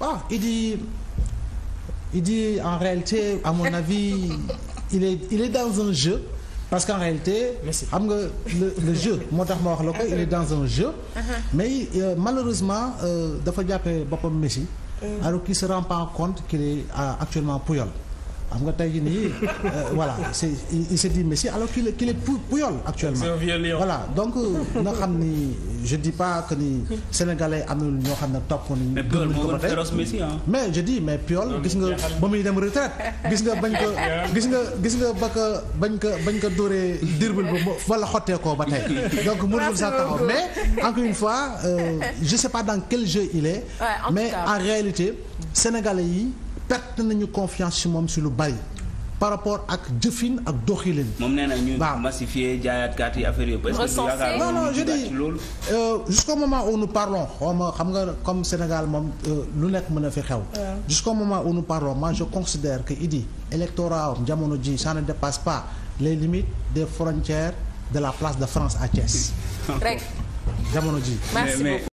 Ah, il dit, il dit en réalité, à mon avis, il est, il est dans un jeu. Parce qu'en réalité, xam nga le, le jeu moo tax ma wax la ko il est dans un jeu. Uh-huh. mais euh, malheureusement euh, dafa jàppee boppam Messi. Mm. alors qu'il se rend pas compte qu'il est euh, actuellement Puyol. xam nga tey jii nii euh, voilà c'est il se dit mais si alors qu'il est qu'il actuellement. c'est voilà donc euh, nga xam ni je dis pas que ni sénégalais am na ñoo xam ne topp nañu. mais Puyol moo gën mais je dis mais gis nga ba muy dem retraite gis nga bañ ko gis nga gis nga ba ko bañ ko bañ ko dóoree dirbul ba wala xotteekoo ba tey donc mënul ah, sax taxaw mais encore une fois euh, je sais pas dans quel jeu il est. mais en réalité sénégalais yi. perte nañu confiance ci moom si lu bari par rapport ak jëfin ak doxilin. moom nee na ñu massifier jaayaat kaat yi affaire yi. recensé non non je dis euh, jusqu'au moment où nous parlons xam nga comme Sénégal moom euh, lu nekk mën a fi xew. jusqu'au moment où nous parlons moi je considère que Idy électorat am jamono ji ça ne dépasse pas les limites de frontières de la place de France à Thiès. rek